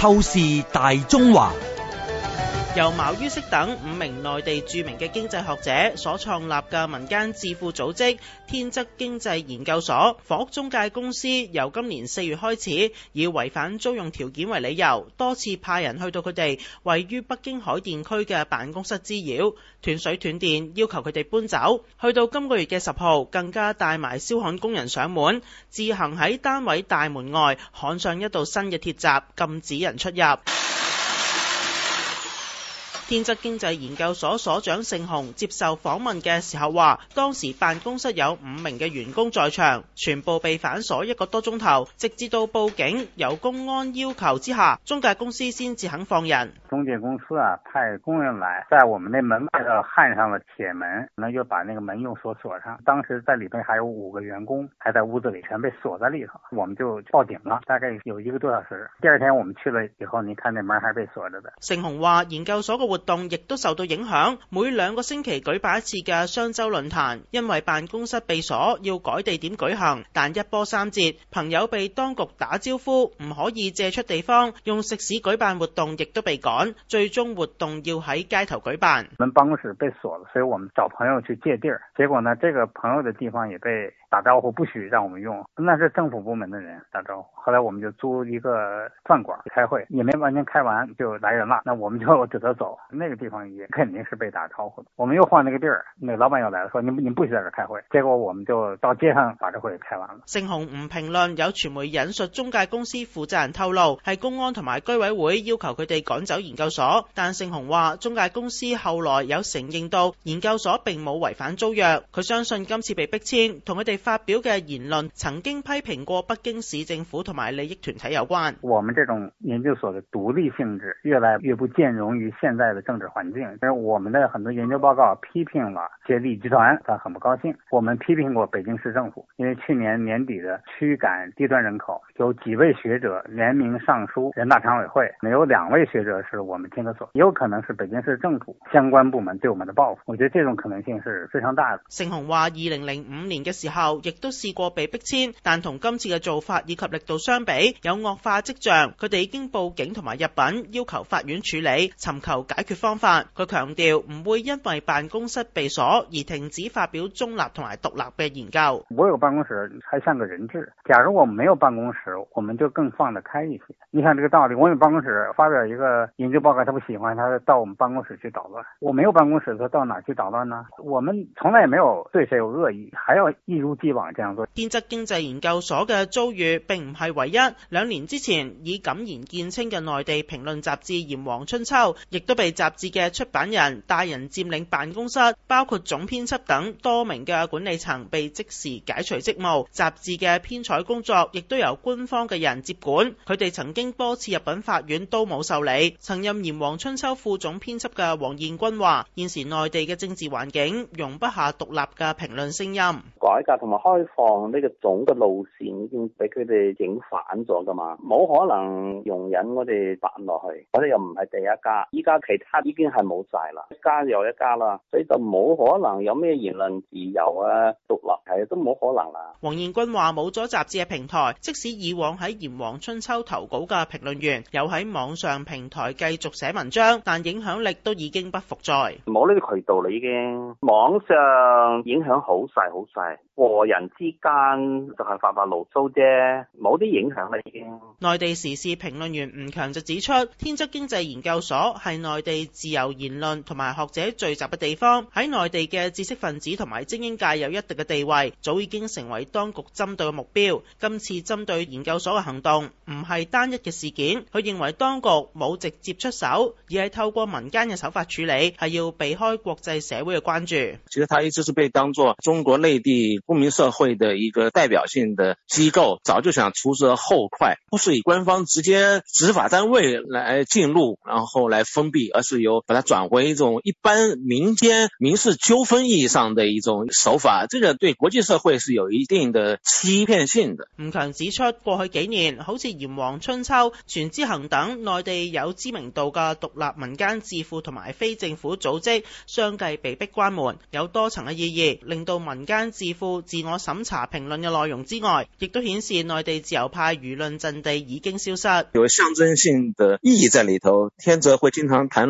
透視大中華。由茅于軾等五名內地著名嘅經濟學者所創立嘅民間智庫組織天則經濟研究所，房屋中介公司由今年四月開始，以違反租用條件為理由，多次派人去到佢哋位於北京海淀區嘅辦公室滋擾，斷水斷電，要求佢哋搬走。去到今個月嘅十號，更加帶埋燒焊工人上門，自行喺單位大門外焊上一道新嘅鐵閘，禁止人出入。天則經濟研究所所長盛洪接受訪問嘅時候話，當時辦公室有五名嘅員工在場，全部被反鎖一個多鐘頭，直至到報警，有公安要求之下，中介公司先至肯放人。中介公司啊，派工人來，在我們那門外頭，啊、焊上了鐵門，然後又把那個門用鎖鎖上。當時在裏邊還有五個員工，還在屋子裏全被鎖在裏頭，我們就報警了，大概有一個多小時，第二天我們去了以後，你看那門還被鎖着的。盛洪話，研究所嘅活。活動亦都受到影響，每兩個星期舉辦一次嘅雙周論壇，因為辦公室被鎖，要改地點舉行。但一波三折，朋友被當局打招呼，唔可以借出地方，用食肆舉辦活動亦都被趕，最終活動要喺街頭舉辦。我們辦公室被鎖了，所以我們找朋友去借地兒，結果呢，這個朋友的地方也被打招呼，不許讓我們用，那是政府部門的人打招呼。後來我們就租一個飯館開會，也沒完全開完就來人啦，那我們就只得走。那個地方也肯定是被打招呼的。我們又換那個地兒，那老闆又來了，說你你不許在這兒開會。結果我們就到街上把這會開完了。盛洪唔評論。有傳媒引述中介公司負責人透露，係公安同埋居委會要求佢哋趕走研究所。但盛洪話，中介公司後來有承認到研究所並冇違反租約。佢相信今次被逼遷，同佢哋發表嘅言論曾經批評過北京市政府同埋利益團體有關。我們這種研究所的獨立性質，越來越不見容於現在的政治環境，但是我們的很多研究報告批評了接力集團，他很不高興。我們批評過北京市政府，因為去年年底的驅趕低端人口，有幾位學者聯名上書人大常委會，沒有兩位學者是我們天則所，有可能是北京市政府相關部門對我們的報復。我覺得這種可能性是非常大的。盛洪話，二零零五年嘅時候，亦都試過被逼遷，但同今次嘅做法以及力度相比，有惡化跡象。佢哋已經報警同埋入稟，要求法院處理，尋求解方法，佢強調唔會因為辦公室被鎖而停止發表中立同埋獨立嘅研究。我有辦公室還像個人質，假如我沒有辦公室，我們就更放得開一些。你看這個道理，我有辦公室發表一個研究報告，他不喜歡，他到我們辦公室去搗亂；我沒有辦公室，他到哪去搗亂呢？我們從來也沒有對誰有惡意，還要一如既往這樣做。天則經濟研究所嘅遭遇並唔係唯一，兩年之前以敢言見稱嘅內地評論雜誌《炎黃春秋》亦都被。雜誌嘅出版人、大人佔領辦公室，包括總編輯等多名嘅管理層被即時解除職務。雜誌嘅編採工作亦都由官方嘅人接管。佢哋曾經多次入禀法院都冇受理。曾任《炎黃春秋》副總編輯嘅黃燕君話：現時內地嘅政治環境容不下獨立嘅評論聲音。改革同埋開放呢個總嘅路線已經俾佢哋影反咗噶嘛，冇可能容忍我哋辦落去。我哋又唔係第一家，依家其家已經係冇晒啦，一家又一家啦，所以就冇可能有咩言論自由啊、獨立係都冇可能啦。黃燕君話：冇咗雜誌嘅平台，即使以往喺《炎黃春秋》投稿嘅評論員，有喺網上平台繼續寫文章，但影響力都已經不復再。冇呢個渠道啦，已經網上影響好細好細，和人之間就係發發牢騷啫，冇啲影響啦已經。內地時事評論員吳強就指出，天則經濟研究所係內地被自由言論同埋學者聚集嘅地方，喺內地嘅知識分子同埋精英界有一定嘅地位，早已經成為當局針對嘅目標。今次針對研究所嘅行動唔係單一嘅事件，佢認為當局冇直接出手，而係透過民間嘅手法處理，係要避開國際社會嘅關注。其實他一直是被當作中國內地公民社會嘅一個代表性的機構，早就想除之而後快，不是以官方直接執法單位來進入，然後來封閉。是由把它轉回一種一般民間民事糾紛意義上的一種手法，這個對國際社會是有一定的欺騙性的。吳強指出，過去幾年，好似炎黃春秋、全知行等內地有知名度嘅獨立民間智庫同埋非政府組織，相繼被逼關門，有多層嘅意義，令到民間智庫自我審查評論嘅內容之外，亦都顯示內地自由派輿論陣地已經消失。有象徵性的意義在裏頭，天則會經常談。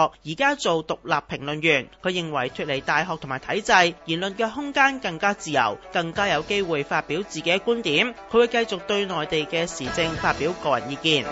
而家做獨立評論員，佢認為脫離大學同埋體制，言論嘅空間更加自由，更加有機會發表自己嘅觀點。佢會繼續對內地嘅時政發表個人意見。